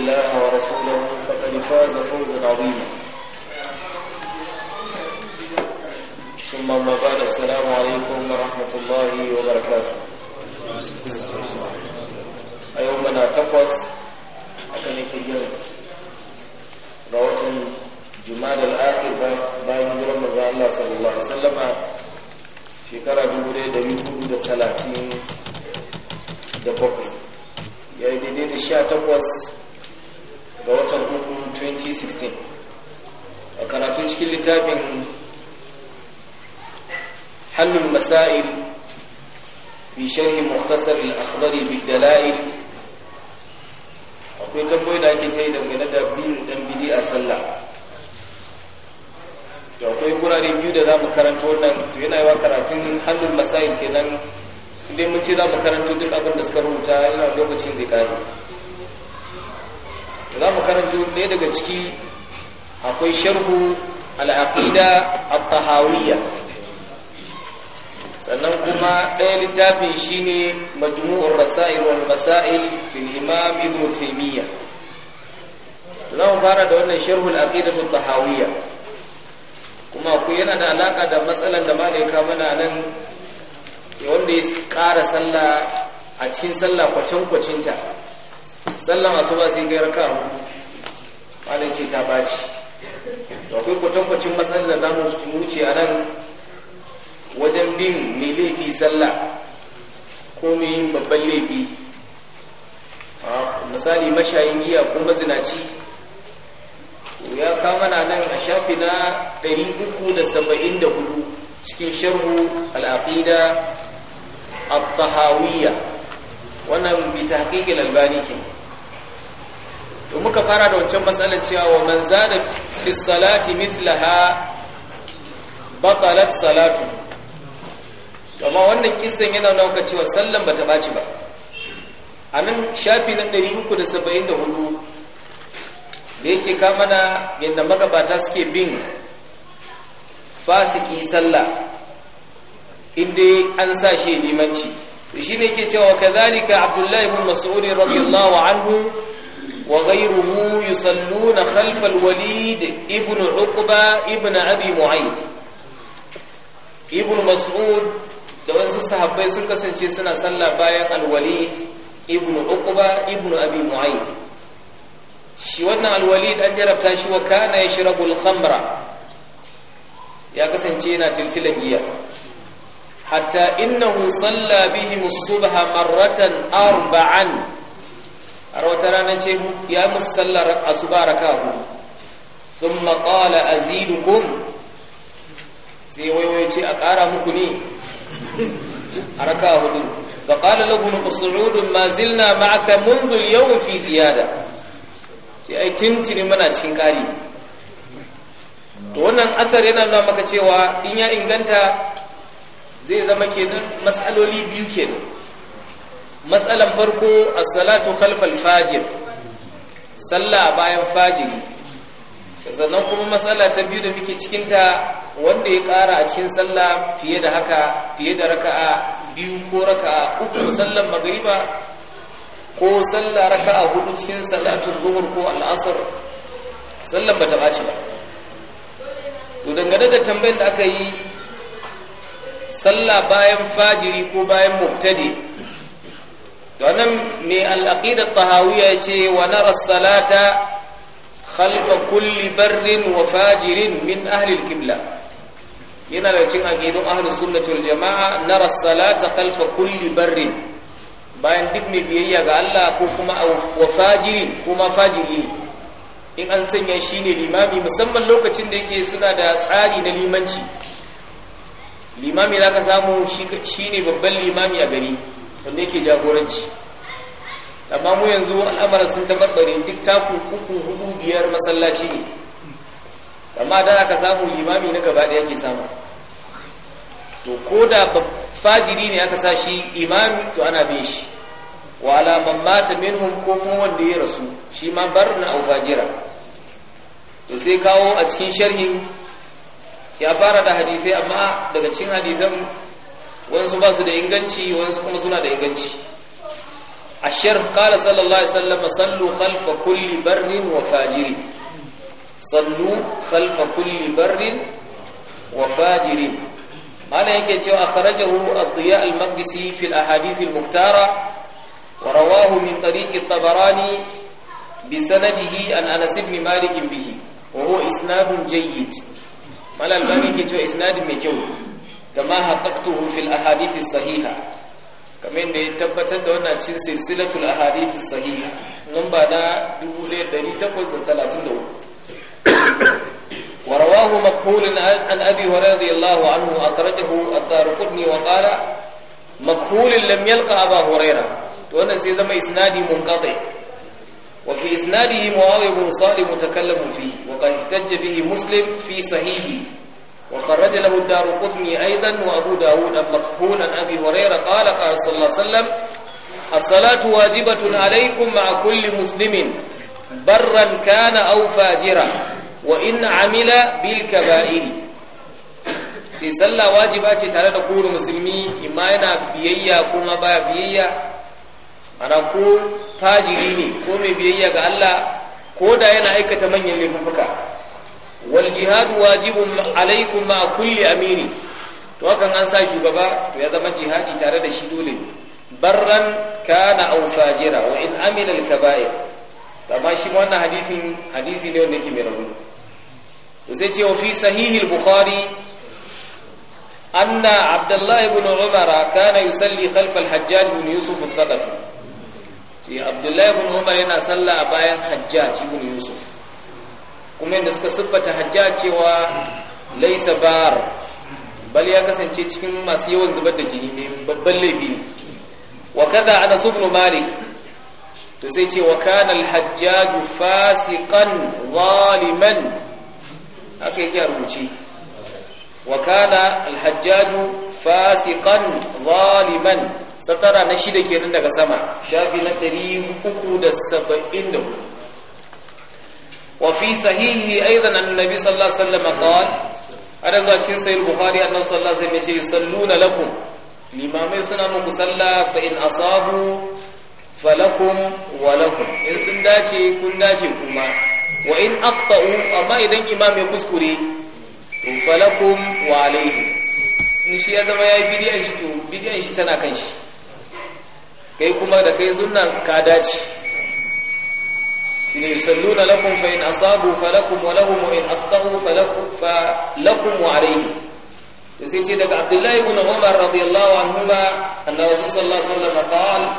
الله ورسوله فقد فاز فوزا عظيما ثم ما بعد السلام عليكم ورحمة الله وبركاته أيومنا تقص أكنك اليوم رواتن جمال الآخر باين جرم الله صلى الله عليه وسلم shekara da bakwai ya yi daidai da sha takwas ga watan uku 2016 a karatun cikin littafin hannun masail fi sharhi muhtasar al-akhdari bid dalail akwai tambayi da ake ta yi dangane da biyu dan bidi a sallah da akwai wurare biyu da za mu karanta wannan to yana yawa karatun hannun masail kenan idan mun ce za mu karanta duk abin da suka rubuta yana lokacin zai kare za mu karanta ne daga ciki akwai sharhu al'afida a tahawiyya sannan kuma ɗaya littafin shi ne majmu'ar rasail wal masail bil imam ibn taimiyya. za mu fara da wannan sharhu al'afida a tahawiyya kuma ku yana da alaƙa da matsalan da kama mana nan wanda ya ƙara sallah a cikin sallah kwacin kwacinta sallan ba sai ga raka malai ta baci to akwai kwatankwacin matsalar da zamu wuce a nan wajen bin mai laifi salla ko mai yin babban laifi misali mashayin giya ko mazinaci ya kama na nan a shafi na 374 cikin sharhu al'aqida at-tahawiyya wannan bi tahqiqil albani kenan to muka fara da wancan matsalar cewa wa man zada fi salati mithlaha batalat salatu amma wannan kisan yana nuna ka cewa sallan bata baci ba anan shafi na 374 da yake kama na yadda magabata suke bin fasiki sallah inda an sa shi limanci shi ne ke cewa kazalika abdullahi ibn mas'ud radiyallahu anhu وغيره يصلون خلف الوليد ابن عقبة ابن أبي معيد ابن مسعود da wasu sahabbai sun kasance suna sallah bayan alwalid ibn uqba ibn abi mu'ayd shi wannan alwalid an jarabta shi wa kana yashrabu al-khamra ya kasance yana tiltilan giya hatta innahu salla bihim as-subha marratan arba'an har wata rana ce ya musallar sallar asuba raka hudu sun maƙala azidukum sai waiwai ce a ƙara muku ne a raka hudu ba ƙala lagun usurudun ma zilna ma'aka munzul yawon fi ziyada ce ai tintini mana cikin ƙari to wannan asar yana nuna maka cewa in ya inganta zai zama kenan masaloli biyu kenan matsalan farko as-salatu khalfal fajir sallah bayan fajiri sannan kuma matsala ta biyu da muke cikinta wanda ya kara a cikin sallah fiye da haka fiye da raka'a biyu ko raka'a uku sallan magariba ko sallah raka'a hudu cikin salatu zuhur ko al'asr sallan bata baci ba to dangane da tambayar da aka yi sallah bayan fajiri ko bayan mubtadi wannan mai al'aqida tahawiyya ce wa narasalata salata khalfa kulli barrin wa fajirin min ahli al yana da cin aqidun ahli sunnah wal jamaa nara salata khalfa kulli barrin bayan duk mai biyayya ga Allah ko kuma wa fajirin kuma fajiri in an sanya shi ne limami musamman lokacin da yake suna da tsari na limanci limami zaka samu shi ne babban limami a gari wanda yake jagoranci amma mu yanzu al'amarin sun tabarbare duk taku uku hudu biyar masallaci ne amma da aka samu limami na gaba da ke samu to ko da fajiri ne aka sa shi imami to ana bin shi wa man mata minhum ko kuma wanda ya rasu shi ma bar na fajira to sai kawo a cikin sharhin ya fara da hadisai amma daga cikin hadisan wansu ba su da inganci wansu kuma suna da inganci a shirk kala sallallahu alaihi wasallam sallu khalfa kulli barrin wa fajiri sallu khalfa kulli barrin wa fajiri mana yake cewa akhrajahu ad-diya al-maqdisi fi al-ahadith al-muhtara wa rawahu min tariq at-tabarani bi sanadihi an anas ibn malik bihi wa huwa isnadun jayyid mala al-bani yake cewa isnadin mai kyau kama haqqaqtuhu fil ahadith as-sahiha kamar da ya tabbatar da wannan cin silsilatul ahadith as-sahiha lamba da 1834 wa rawahu maqhul an abi radiyallahu anhu akhrajahu ad-darqutni wa qala maqhul lam yalqa aba hurayra to wannan sai zama isnadi munqati wa fi isnadihi muawiyah bin salih mutakallamun fihi wa qad ihtajja bihi muslim fi sahihi وخرج له الدار قطني أيضا وأبو داود مقبولا أبي هريرة قال قال صلى الله عليه وسلم الصلاة واجبة عليكم مع كل مسلم برا كان أو فاجرا وإن عمل بالكبائر في صلى واجبة تعالى نقول مسلمي إما أنا بيئيا كما با بيئيا أنا كو فاجريني كومي بيئيا قال الله كودا أنا أيكة من يلي مفكا wal jihadu wajibun alaikum ma kulli amiri to hakan an sa shugaba to ya zama jihadi tare da shi dole barran kana aw fajira wa in amila al kaba'ir amma shi wannan hadithin hadisi ne wanda yake mai rauni to sai ce fi sahih al bukhari anna abdullah ibn umar kana yusalli khalf al hajjaj ibn yusuf al thaqafi ce abdullah ibn umar yana salla a bayan hajjaj ibn yusuf kuma yadda suka siffata hajja cewa laisa bar bal ya kasance cikin masu yawan zubar da jini ne babban laifi wa kada ana subnu malik to sai ce wa kana al fasiqan zaliman haka yake rubuce wa kana al fasiqan zaliman satara na shida kenan daga sama shafi na 374 وفي صحيحه أيضا أن النبي صلى الله عليه وسلم قال أنا أقول شيء سيد البخاري أنه صلى الله عليه وسلم يصلون لكم لما سنة مصلى فإن أصابوا فلكم ولكم إن سنداتي كنداتي كما وإن أقطأوا أما إذن إمام يكسكري فلكم وعليه in shi ya zama ya yi bidiyan shi to bidiyan shi tana kan shi kai kuma da kai sunan ka dace shine yusalluna lakum fa in asabu falakum wa lahum in aqta'u falakum fa lakum wa alayhi sai ce daga Abdullah ibn Umar radiyallahu anhuma annabi sallallahu alaihi wasallam qala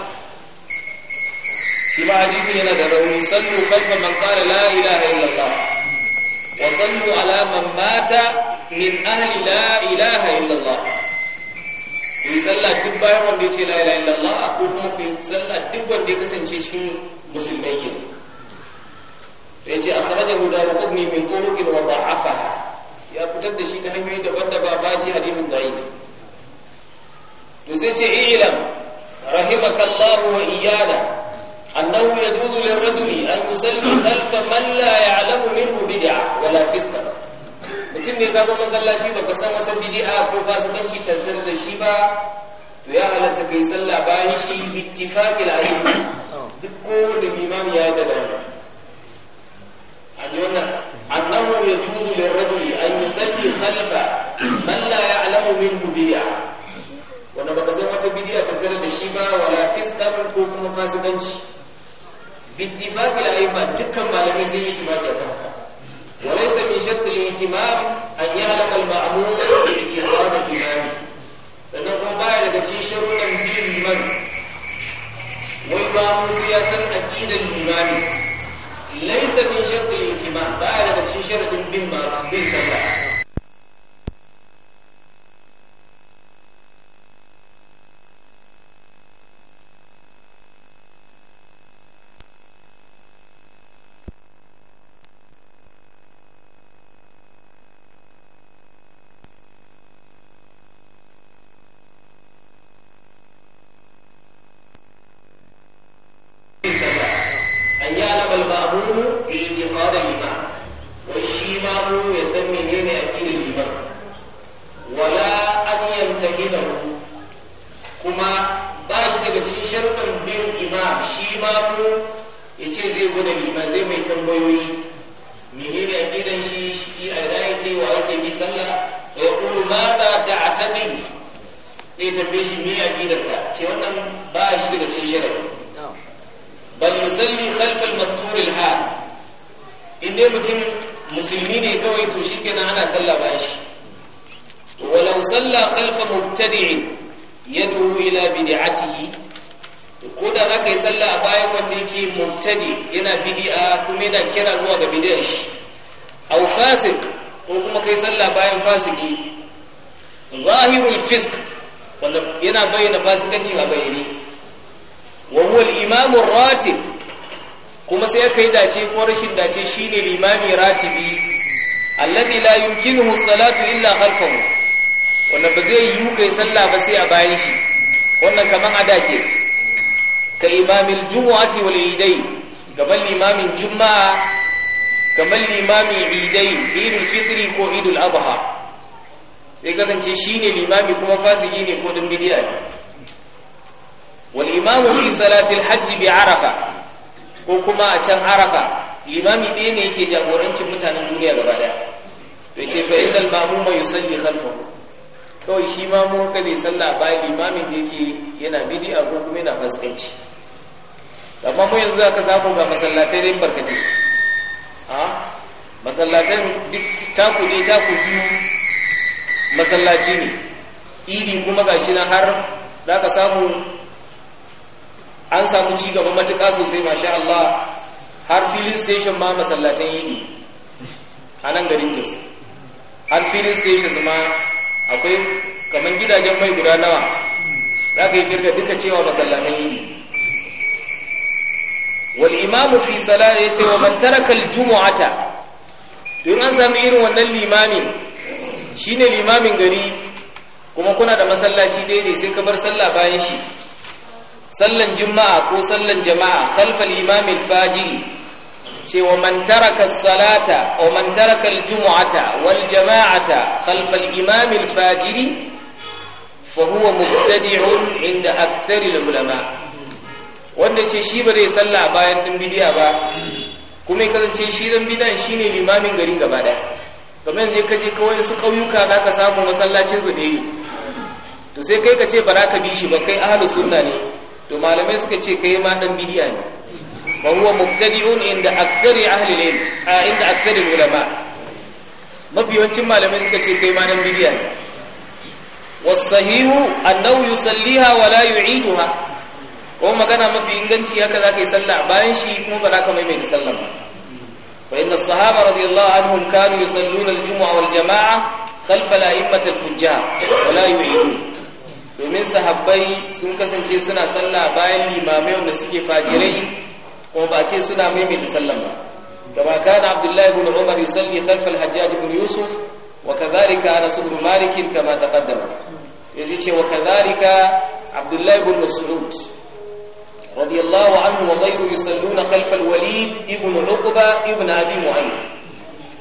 shi ma hadisi yana da rauni sallu khalfa man qala la ilaha illa Allah wa sallu ala man mata min ahli la ilaha illa Allah yi sallah duk bayan wanda ya ce la ilaha illa Allah ko kuma ku yi duk wanda ya kasance shi musulmai akhrajahu darqutni min ya fitar da shi ta hanyoyi daban da ba ce hadithin da'if to sai ce i'lam rahimakallahu wa ya annahu yajuzu lirrajuli an yusalli khalfa man la ya'lamu minhu bid'a wala fisqa mutum ne ka ga masallaci baka san wata bid'a ko fasikanci tantar da shi ba to ya halatta kai sallah bayan shi bittifaqil ayyuka duk ko da imam ya yi da dama يونس أنه يجوز للرجل أن يصلي خلف من لا يعلم منه بدعة wanda baka san wata bidiya tattare da shi ba wala fiskan ko kuma fasikanci bittifaqil a'imma dukkan malamai sun yi tibaki akan haka wa laysa min shart al-ihtimam an ya'lam al-ma'mum bi ikram al-imam sannan kuma baya daga cikin sharuɗan bin liman wai ba musu ya san aqidan imani laysa min shartil itimam ba daga cikin sharadin bin ba bin sallah tambayoyi menene aqidan shi shi a yake wa yake bi sallah ya qulu ma ta ta'tadi sai ta tambaye shi me aqidarka ce wannan ba shi daga cikin shari'a bal yusalli khalf al-mastur al-hal inda mutum musulmi ne kawai to shikenan ana sallah bayan shi walau salla khalf mubtadi'in yad'u ila bid'atihi ko da za yi sallah a bayan wanda yake murtadi yana bidi'a kuma yana kira zuwa ga bidiyar shi a fasik ko kuma kai sallah bayan fasiki zahirul fisk wanda yana bayyana fasikancin a bayyane wa huwa imamu ratib kuma sai aka yi dace ko rashin dace shine limami ratibi alladhi la yumkinuhu salatu illa khalfahu wannan ba zai yi kai sallah ba sai a bayan shi wannan kaman adake ka imamil jumu'ati wal idai gaban limamin juma'a kamar limamin idai idul fitri ko idul adha sai kasance ne limami kuma fasiki ne ko don bidiya ne wal imamu fi salatil Hajji bi arafa ko kuma a can arafa limami ɗaya ne yake jagorancin mutanen duniya gaba daya to ce fa al-mamu mai yusalli kalfa, kawai shi ma mu haka ne sallah bayan limamin da yake yana bidiya ko kuma yana fasikanci amma mu yanzu aka samu ga masallatai dai barkati a masallatan duk taku ne taku biyu masallaci ne idi kuma gashi na har za ka samu an samu ci gaba matuƙa sosai masha Allah har filin station ma masallatan idi a nan garin Jos har filin station ma akwai kamar gidajen mai guda nawa za ka yi kirga duka cewa masallatan idi wal imamu fi salati yace wa man jumu'ata don an sami irin wannan limamin shine limamin gari kuma kuna da masallaci daidai sai ka bar sallah bayan shi sallan juma'a ko sallan jama'a kalfal imamil fajiri cewa man taraka salata wa man taraka aljum'ata wal jama'ata kalfal imamil fajiri fa huwa mubtadi'un inda aktharil ulama' wanda ce shi ba zai sallah bayan ɗin bidiya ba kuma ya kasance shi ɗin bidan shi ne limamin gari gaba ɗaya kamar yanzu ka je kawai su ƙauyuka za ka samu masallacin su ɗaya to sai kai ka ce ba za ka bi shi ba kai ahalu sunna ne to malamai suka ce kai ma ɗan bidiya ne ba huwa mubtadi'un inda akthari ahli ilm a inda akthari ulama mafi yawancin malamai suka ce kai ma ɗan bidiya ne wasahihu annahu yusalliha wa yu'iduha ko magana mafi inganci haka za ka yi sallah bayan shi kuma ba za ka maimaita sallah ba fa inna sahaba radiyallahu anhum kanu yusalluna al-jumu'a wal jama'a khalfa al-a'immat al-fujjar wa la yu'idun domin sahabbai sun kasance suna sallah bayan limamai wanda suke fajirai ko ba ce suna maimaita sallah ba kama kana abdullahi ibn umar yusalli khalfa al-hajjaj ibn yusuf wa kadhalika anas ibn malik kama taqaddama yace wa kadhalika abdullahi ibn mas'ud رضي الله عنه وغيره يصلون خلف الوليد ابن عقبة ابن أبي معين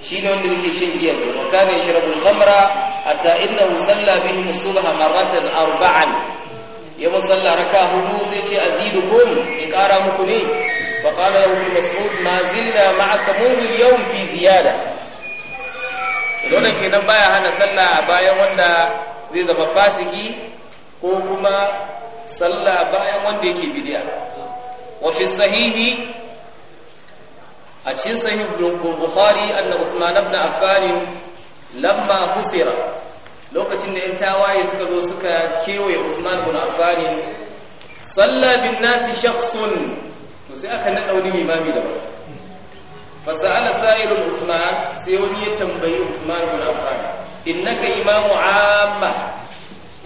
شين وند بك شين بيده وكان يشرب الخمر حتى إنه صلى بهم الصبح مرة أربعا يوم صلى ركع هدو سيتي أزيدكم إقارا مكني فقال له ابن مسعود ما زلنا معك منذ اليوم في زيادة دون كنا بايا هنا صلى بايا وندا زي زبا فاسقي ko kuma sallah bayan wanda yake bidiya wa fi sahihi a cikin sahih bukhari anna usman ibn affan lamma husira lokacin da yan tawaye suka zo suka kewaye usman ibn affan salla bin nasi shakhsun to sai aka nada wani imami da fa sa'ala sa'ilun usman sai wani ya tambayi usman ibn affan innaka imamu amma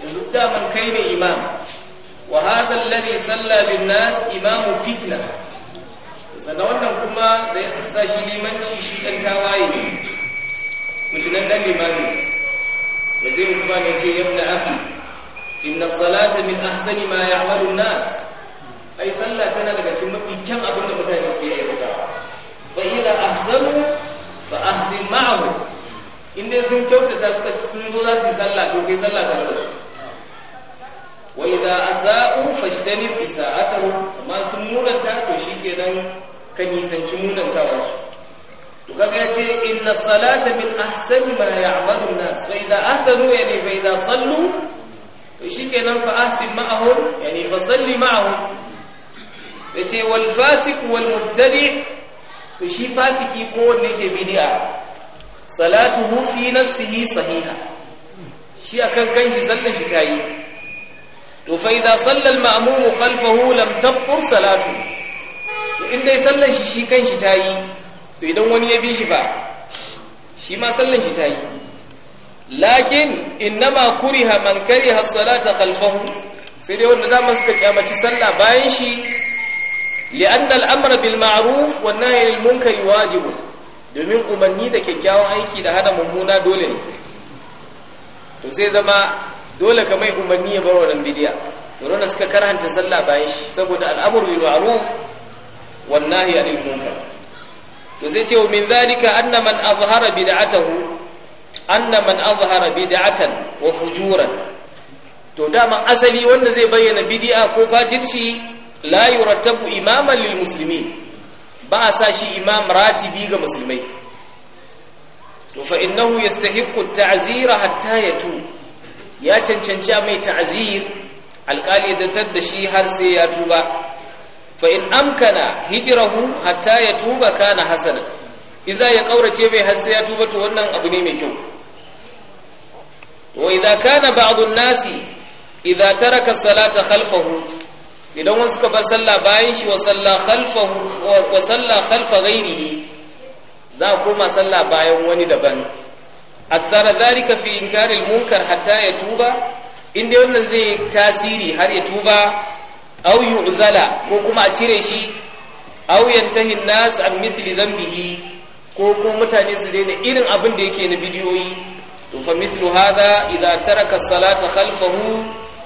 yanzu da man kai ne imam وهذا الذي صلى بالناس إمام فتنة sannan kuma da ya sa shi limanci shi ɗan tawaye ne mutunan ɗan limami da zai kuma ne ce yabda aki inna salata min ahsani ma ya'malu nas ai sallah tana daga cikin mafi kyan abin da mutane suke yi da fa idza ahsanu fa ahsin ma'ahu in dai sun kyautata suka sun zo za su yi sallah to kai sallah tare da su wa idza asa'u fashtanib isa'atahu amma sun munanta to shikenan kan yi nisanci munantawa su to kaga yace inna salata min ahsani ma ya'malu an-nas fa idza Asanu yani fa idza sallu to shikenan fa ahsin ma'ahum yani fa salli ma'ahum yace wal fasik wal mubtadi to shi fasiki ko wanda yake bid'a salatuhu fi nafsihi sahiha shi akan kanshi sallan shi tayi to fa idza salla al-ma'mum khalfahu lam salatu to in dai sallan shi shi kanshi tayi to idan wani ya bi shi fa shi ma sallan shi tayi lakin innama kuriha man kariha as-salata khalfahu sai dai wanda zama suka kyamaci sallah bayan shi li'an al'amra bil ma'ruf wan nahy anil munkari wajibun domin umarni da kyakkyawan aiki da hada mummuna dole ne to sai zama dole ka mai umarni ya bar wannan bidiya domin da suka karanta sallah bayan shi saboda al'amuru bil ma'ruf wan nahyi anil munkar to sai ce min zalika anna man azhara bid'atahu anna man azhara bid'atan wa fujuran to dama asali wanda zai bayyana bidi'a ko fajirci la yurattabu imaman lil muslimin ba a sa shi imam ratibi ga musulmai to fa innahu yastahiqqu at-ta'zira hatta yatub ya cancanci a mai ta'azir alƙali da tadda shi har sai ya tuba fa in amkana hijrahu hatta ya tuba kana hasana idza ya kaurace bai har sai ya tuba to wannan abu ne mai kyau wa idza kana ba'd an-nasi idza taraka as-salata khalfahu idan wasu ka bar sallah bayan shi wa sallah khalfahu wa khalfa ghairihi za kuma sallah bayan wani daban aksara dhalika fi inkaril munkar hatta ya tuba inda wannan zai tasiri har ya tuba aw yu'zala ko kuma a cire shi aw yantahi nas an mithli dhanbihi ko kuma mutane su daina irin abin da yake na bidiyoyi to fa mithlu hadha idha taraka as-salata khalfahu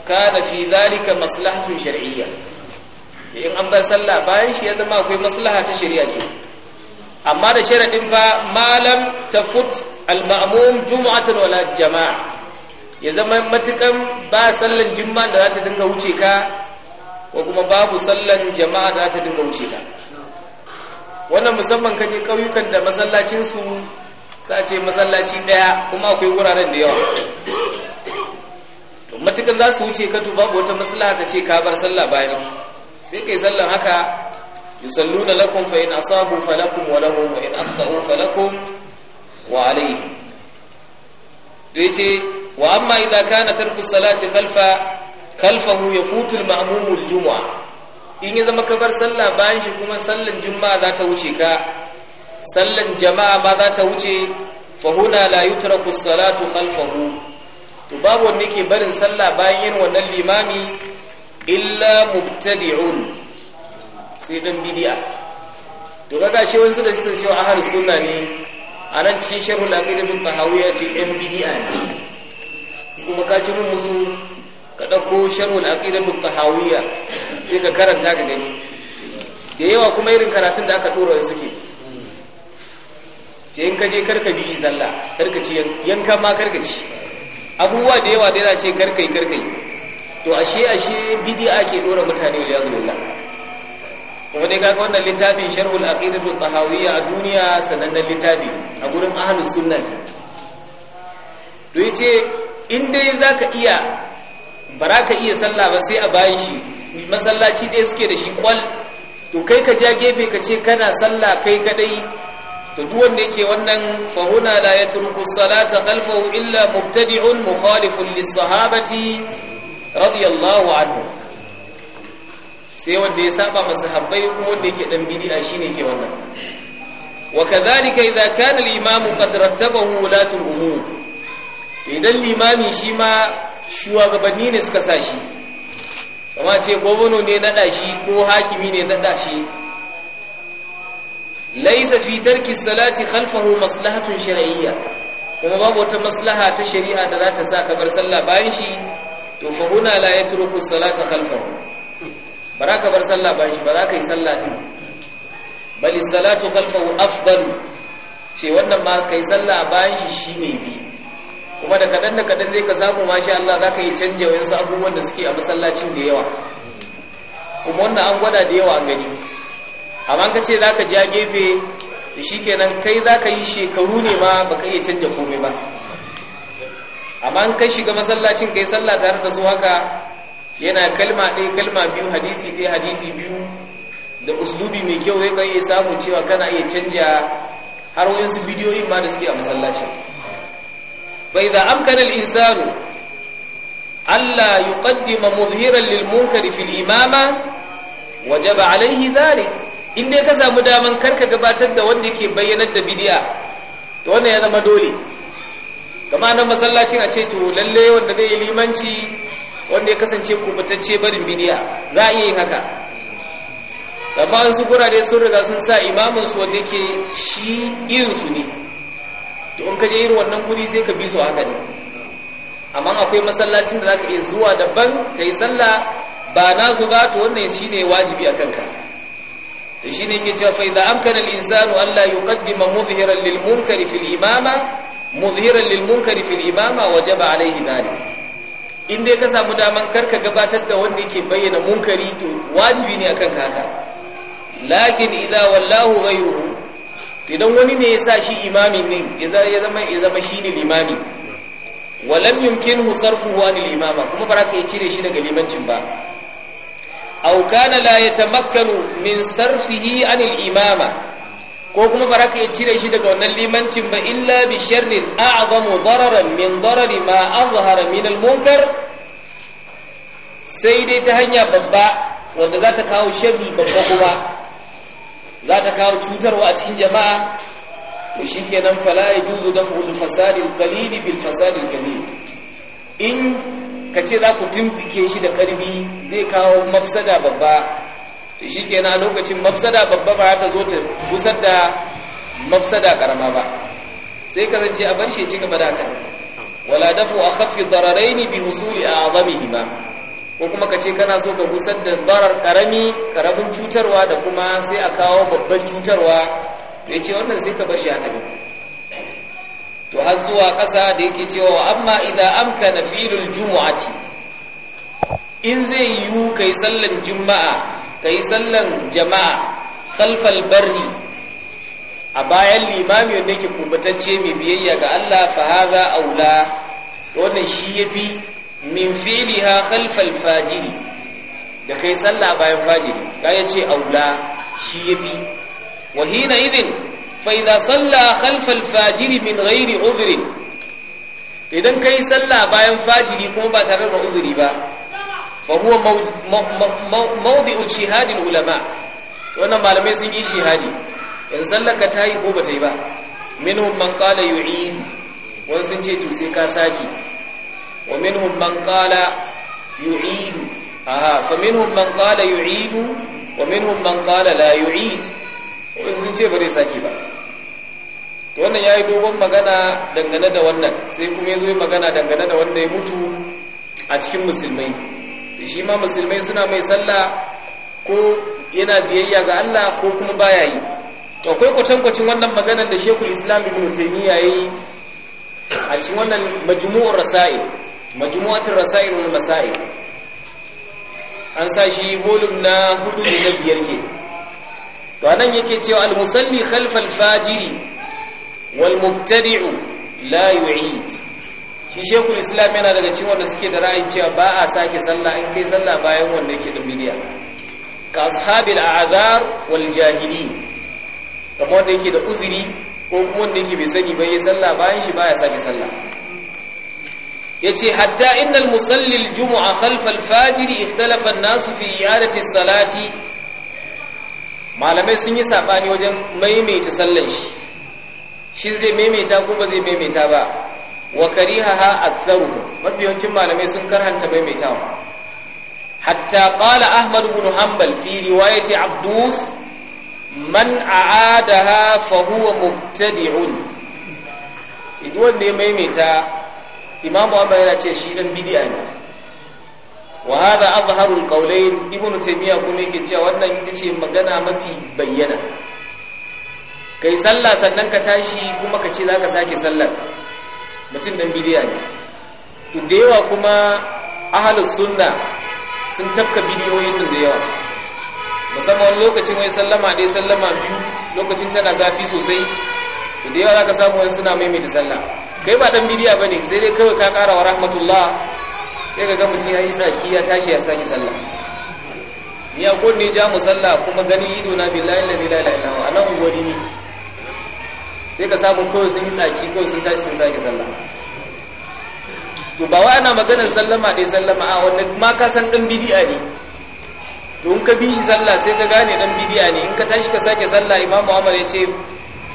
kana fi dhalika maslahatun shar'iyya in an bar sallah bayan shi ya zama akwai maslaha ta shari'a ke amma da sharaɗin ba malam tafut al juma'a juma'atan wala jama'a ya zama matukan ba sallan juma'a da za ta dinga wuce ka ko kuma babu sallan jama'a da za ta dinga wuce ka wannan musamman kaje ƙauyukan da masallacinsu za a ce masallaci ɗaya kuma akwai wuraren da yawa to matukan za su wuce ka to babu wata maslaha ka ce ka bar sallah bayan sai kai sallan haka yusalluna lakum fa in asabu falakum wa lahum wa in akhta'u falakum wa alayhi yace wa amma idza kana tarku salati khalfa khalfahu yafutu al-ma'mum al-jum'a in ya zama kabar sallah bayan shi kuma sallan juma'a za ta wuce ka sallan jama'a ba za ta wuce fa huna la yutraku salatu khalfahu to babu wanda yake barin sallah bayan yin wannan limami illa mubtadi'un sai dan bid'a to kaga shi wani da suka cewa ahlus sunna ne a nan cikin sharhul aqidah bin ya ce ɗan bid'a ne kuma ka ci musu ka ɗauko sharhul aqidah bin tahawiya sai ka karanta ka gani da yawa kuma irin karatun da aka dora suke ce in ka je karka bi sallah karka ci yanka ma karka ci abubuwa da yawa da yana ce karkai karkai to ashe ashe bid'a ke dora mutane wa lillahi kuma dai kaga wannan littafin sharhul aqidatu tahawiyya a duniya sanannen littafi a gurin ahlus sunna ne to yace in dai zaka iya baraka iya sallah ba sai a bayan shi masallaci dai suke da shi kwal to kai ka ja gefe ka ce kana sallah kai kadai to duk wanda yake wannan fa huna la yatruku salata khalfahu illa mubtadi'un mukhalifun lis sahabati radiyallahu anhu sai wanda ya saba masa habbai kuma wanda yake dan bid'a shine ke wannan wa kadhalika idza kana al-imam qad rattabahu ulatu al-umur idan limami shi ma shugabanni ne suka sa shi kuma ce gwamnati ne na shi ko hakimi ne na shi laysa fi tarki salati khalfahu maslahatun shar'iyya kuma babu wata maslaha ta shari'a da za ta sa ka bar sallah bayan shi to fa huna la yatruku salata khalfahu ba za ka bar sallah ba shi ba za ka yi sallah din bali salatu khalfahu afdal ce wannan ma kai sallah bayan shi shi ne bi kuma da kadan da kadan zai ka samu masha Allah za ka yi canje su abubuwan da suke a masallacin da yawa kuma wannan an gwada da yawa an gani amma ka ce za ka ja gefe da shi kenan kai za ka yi shekaru ne ma ba ka iya canja komai ba amma ka shiga masallacin kai sallah tare da su haka yana kalma ɗaya kalma biyu hadisi ɗaya hadisi biyu da uslubi mai kyau ya kai samu cewa kana iya canja har wayansu bidiyoyin ma da suke a masallaci fa idza amkana al insanu alla yuqaddima mudhiran lil munkar fi al imama wajaba alayhi dhalik in ka samu daman karka gabatar da wanda yake bayyanar da bidiya to wannan ya zama dole kama nan masallacin a ce to lalle wanda zai yi limanci wanda ya kasance kubutacce barin bidiya za a iya yin haka amma wasu gurare sun riga sun sa imamansu su wanda yake shi irin su ne to in ka je irin wannan guri sai ka bi su haka ne amma akwai masallacin da zaka iya zuwa daban yi sallah ba nasu ba ta wannan ne wajibi a kanka to shine yake cewa fa idza amkana al-insanu allah la yuqaddima mudhiran lil munkari fil imama mudhiran lil munkari fil imama wajaba alayhi dhalik in dai ka samu daman karka gabatar da wanda yake bayyana munkari to wajibi ne akan haka lakin idza wallahu ghayruhu idan wani ne ya sa shi imamin ne ya zama ya zama shi ne limami walam yumkinu sarfuhu an limama kuma ba ka cire shi daga limancin ba aw kana la yatamakkanu min sarfihi an imama ko kuma ba ka cire shi daga wannan limancin ba illa bi sharrin a'zamu dararan min darari ma azhara min al-munkar sai dai ta hanya babba wanda za ta kawo shabi babba kuma za ta kawo cutarwa a cikin jama'a to shikenan fala yajuzu dafu al-fasad al-qalil bil fasad al-kabir in kace za ku tumbike shi da karbi zai kawo mafsada babba shi kenan lokacin mafsada babba ba ta zo ta busar da mafsada karama ba sai kasance a bar shi ci gaba da haka wala dafu a akhaffi dararaini bi husuli ba. ko kuma ka ce kana so ka busar da darar karami karamin cutarwa da kuma sai a kawo babban cutarwa da ya ce wannan sai ka bar shi a haka to har zuwa ƙasa da yake cewa wa? amma idan na filin jumu'ati in zai yiwu kai sallan juma'a ka yi sallan jama'a khalfal barri a bayan limami wanda yake kumbatacce mai biyayya ga Allah fa haza aula wannan shi ya fi min filiha khalfal fajiri da kai sallah bayan fajiri ya ce aula shi yafi wa hina idin fa idza salla khalfal fajiri min ghairi udhrin idan kai sallah bayan fajiri kuma ba tare da uzuri ba fa huwa mawdi'u jihadil ulama wannan malamai sun yi shahadi in sallaka ta yi ko bata yi ba minhum man qala yu'id wani sun ce to sai ka saki wa minhum man qala yu'id aha fa minhum man qala yu'id wa minhum man qala la yu'id wani sun ce ba zai saki ba to wannan yayi dogon magana dangane da wannan sai kuma yazo magana dangane da wanda ya mutu a cikin musulmai da shi ma musulmai suna mai sallah ko yana biyayya ga Allah ko kuma baya yi akwai kwatankwacin wannan maganar da shekul islam ibn taymiya yayi a cikin wannan majmu'ur rasail majmu'atul rasail wal masail an sa shi volum na hudu da na biyar ke to anan yake cewa al musalli khalfal fajiri wal mubtadi'u la yu'id shi shekul islam yana daga cikin wanda suke da ra'ayin cewa ba a sake sallah in kai sallah bayan wanda yake da bidiya ka ashabi a'zar wal jahili kamar wanda yake da uzuri ko kuma wanda yake bai sani ba yayin sallah bayan shi baya sake sallah yace hatta innal musalli al jumu'a khalf al fajr ikhtalafa an-nas fi i'adati salati malamai sun yi sabani wajen maimaita sallan shi shin zai maimaita ko ba zai maimaita ba wa karihaha aktharuhum mafiyancin malamai sun karhanta maimaitawa hatta qala ahmad ibn hanbal fi riwayati abdus man aadaha fa huwa mubtadi'un idan wanda ya maimaita imamu abba yana ce shi dan bid'a ne wa hada azharu alqawlayn ibn taymiya kuma yake cewa wannan ita ce magana mafi bayyana kai sallah sannan ka tashi kuma ka ce zaka sake sallar mutum dan bidiya ne to da yawa kuma ahalus sunna sun tafka bidiyoyin nan da yawa musamman lokacin wai sallama dai sallama biyu lokacin tana zafi sosai to da yawa ka samu wani suna maimaita sallah kai ba dan bidiya ne, sai dai kawai ka kara wa rahmatullah sai ga mutum ya yi tsaki ya tashi ya saki sallah ni a ne ja mu sallah kuma ganin ido na billahi la ilaha illa anan gwani ne sai ka samu kawai sun yi tsaki kawai sun tashi sun sake sallah to ba wa ana maganar sallama ɗaya sallama a wanda ma ka san ɗan bidiya ne to in ka bi shi sallah sai ka gane ɗan bidiya ne in ka tashi ka sake sallah imam Muhammad ya ce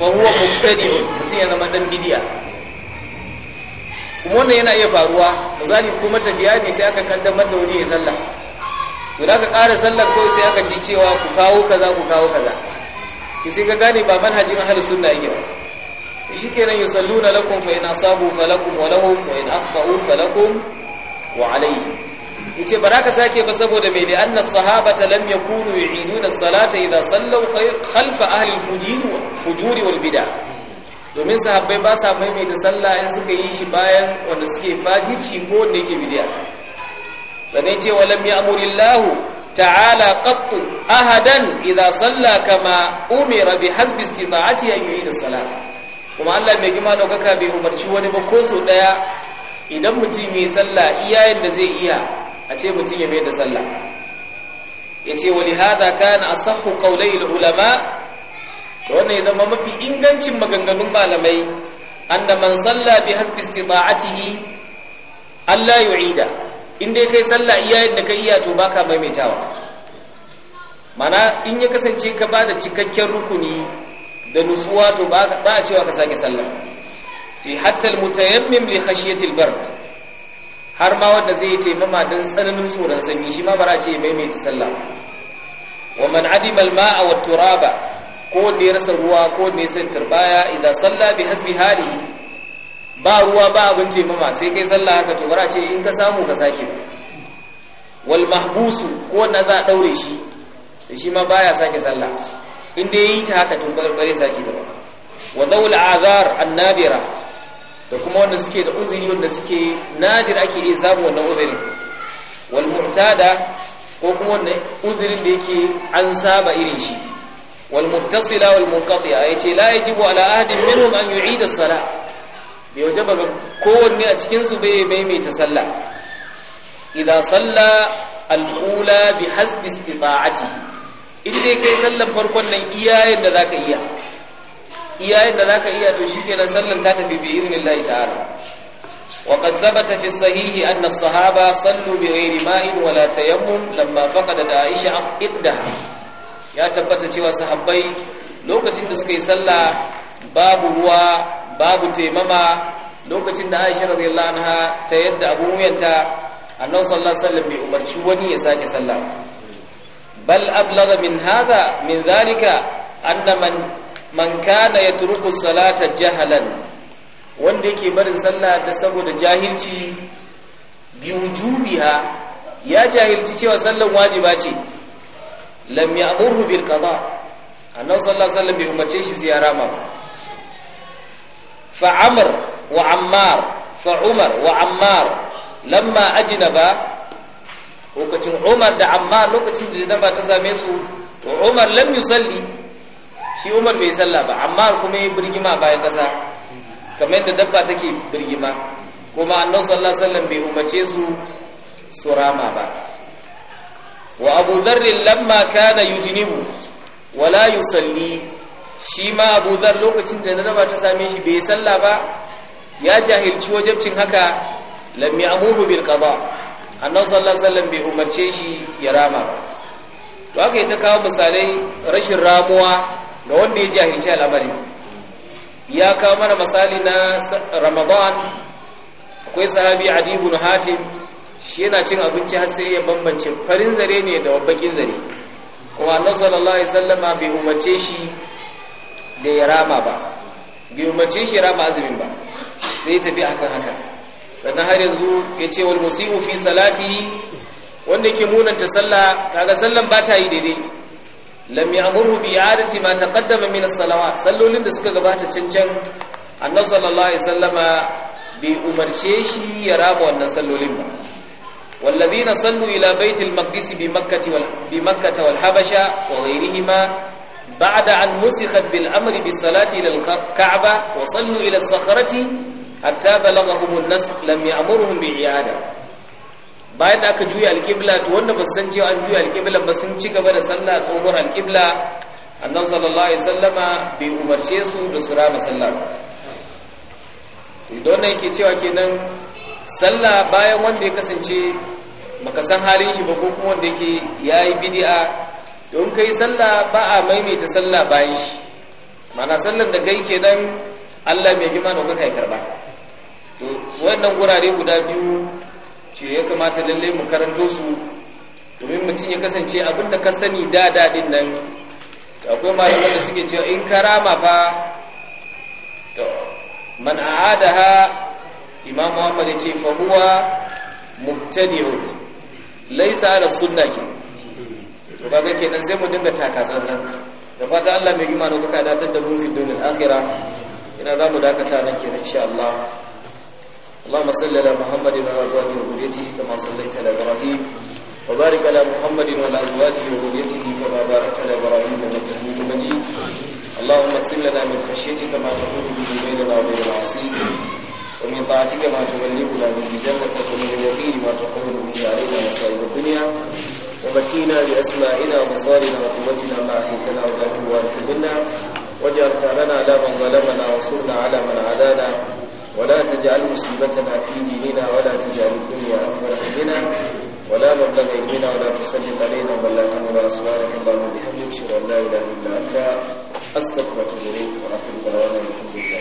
fa huwa mubtadi mutum ya zama ɗan bidiya kuma wannan yana iya faruwa misali kuma tafiya ne sai aka kaddamar da wani ya sallah to da aka ƙara sallar kawai sai aka ji cewa ku kawo kaza ku kawo kaza sai ka gane ba manhajin ahlus sunna yake ba shi kenan yusalluna lakum fa in asabu falakum wa lahum wa in akhta'u falakum wa alayhi yace baraka sake ba saboda mai da annas sahabata lam yakunu yu'iduna as-salata idha sallaw khalfa ahli al-fujur wal bid'ah domin sahabbai ba sa maimaita sallah in suka yi shi bayan wanda suke fajici ko wanda yake bid'a sannan ce walam ya'murillahu ta'ala qattu ahadan idha salla kama umira bi hasbi istita'ati an as-salata kuma Allah mai gima daukaka bai umarci wani ba ko so daya idan mutum yi sallah iya yadda zai iya a ce mutum ya mai da sallah yace wali hada kana asahhu qawlai ulama da wannan ya zama mafi ingancin maganganun malamai anna man salla bi hasbi istita'atihi alla yu'ida in ya kai sallah iya yadda kai iya to baka maimaitawa mana in ya kasance ka bada cikakken rukuni da nutsuwa to ba a cewa ka sake sallah fi hatta mutayammim li khashiyati bard har ma wanda zai taimama dan tsananin tsoron sanyi shi ma ba a ce maimaita sallah wa man adima ma'a wa turaba ko da rasa ruwa ko da ya san turbaya idan sallah bi hasbi halihi ba ruwa ba abin taimama sai kai sallah haka to bara ce in ka samu ka sake wal mahbusu ko na za a daure shi shi ma baya sake sallah in dai yi ta haka tun bare sake da ba wa zawul azar annabira da kuma wanda suke da uzuri wanda suke nadir ake iya samu wannan uzurin wal mu'tada ko kuma wannan uzurin da yake an saba irin shi wal muttasila wal munqati'a yace la yajibu ala ahadin minhum an yu'ida as-salah bai wajaba ga kowanne a cikin su bai maimaita sallah idan salla al-ula bi hasbi istifa'atihi in dai kai sallan farkon nan iyayen da zaka iya iyayen da zaka iya to shikenan sallan ta tafi bi idnillahi ta'ala wa qad thabata fi sahihi anna as-sahaba sallu bi ghairi ma'in wa la tayammum lamma faqadat Aisha iqdaha ya tabbata cewa sahabbai lokacin da suka yi sallah babu ruwa babu taimama lokacin da Aisha radiyallahu anha ta yadda abun wuyanta annabi sallallahu alaihi wasallam bai umarci wani ya sake sallah bal ablagha min hadha min zalika anna man man kana yatruku salata jahalan wanda yake barin sallah da saboda jahilci bi wujubiha ya jahilci cewa sallan wajiba ce lam ya'murhu bil qada annabi sallallahu alaihi wasallam bai umarce shi ziyara ma fa amr wa ammar fa umar wa ammar lamma ajnaba lokacin Umar da amma lokacin da janaba ta same su to Umar lam yusalli shi Umar bai salla ba amma kuma ya birgima bayan kasa kamar yadda dabba take birgima kuma annabi sallallahu alaihi wasallam bai umarce su surama ba wa Abu Dharr lamma kana yujnibu wala yusalli shi ma Abu Dharr lokacin da janaba ta same shi bai salla ba ya jahilci wajabcin haka lam ya'muhu bil qada' annabi sallallahu alaihi wasallam bai umarce shi ya rama ba to haka ita kawo misalai rashin ramuwa ga wanda ya jahilci al'amari ya kawo mana misali na ramadan akwai sahabi adi ibn hatim shi yana cin abinci har sai ya bambance farin zare ne da bakin zare kuma annabi sallallahu alaihi wasallama bai umarce shi da ya rama ba bai umarce shi rama azumin ba sai tafi akan haka sannan har yanzu ya ce wani musimu fi salatini wanda ke munanta tsalla daga tsallon ba ta yi daidai lamya amurru bi adati ma ta kaddama mina salawa tsallolin da suka gabata cancan annan sallallahu alaihi sallama bai umarce shi ya raba wannan tsallolin ba wallazi na sallu ila baitul maqdis bi makkati wal bi makkata wal habasha wa ghayrihima ba'da an musikhat bil amri bis salati ila al wa sallu ila as hatta balagahum an-nas lam ya'muruhum bi i'ada bayan da aka juya alqibla to wanda ba san cewa an juya alqibla ba sun ci gaba da sallah tsohon alqibla annabi sallallahu alaihi wasallama bai umarce su da su raba sallah don ne yake cewa kenan sallah bayan wanda ya kasance baka san halin shi ba ko kuma wanda yake yayi bid'a don kai sallah ba a maimaita sallah bayan shi mana sallan da gai kenan Allah mai gima da kuka karba wannan gurare guda biyu ce ya kamata lalle mu karanto su domin mutum ya kasance abinda ka sani da daɗin nan akwai malaman da suke cewa in karama fa to man ha imam Muhammad ya ce fa huwa mubtadi'un laysa ala sunnah to kenan sai mu dinga taka tsantsan da fata Allah mai gima da kuka datar da mu fi akira ina za mu dakata nan kenan insha Allah اللهم صل على محمد وعلى ازواجه وذريته كما صليت على ابراهيم وبارك على محمد وعلى ازواجه وذريته كما باركت على ابراهيم انك حميد مجيد اللهم اقسم لنا من خشيتك ما تحول به بيننا وبين المعصيه ومن طاعتك ما تبلغنا به جنتك ومن اليقين ما تحول به علينا مصائب الدنيا ومكينا بأسمائنا وبصارنا وقوتنا ما أحيتنا ولا قوة منا واجعل ثأرنا على من ظلمنا وانصرنا على من عادانا ولا تجعل مصيبتنا في ديننا ولا تجعل الدنيا أكبر همنا ولا مبلغ علمنا ولا تسلط علينا من لا تمر أسوارك اللهم بحمدك أشهد أن لا إله إلا أنت أستغفرك وأتوب إليك وآخر دعوانا الحمد لله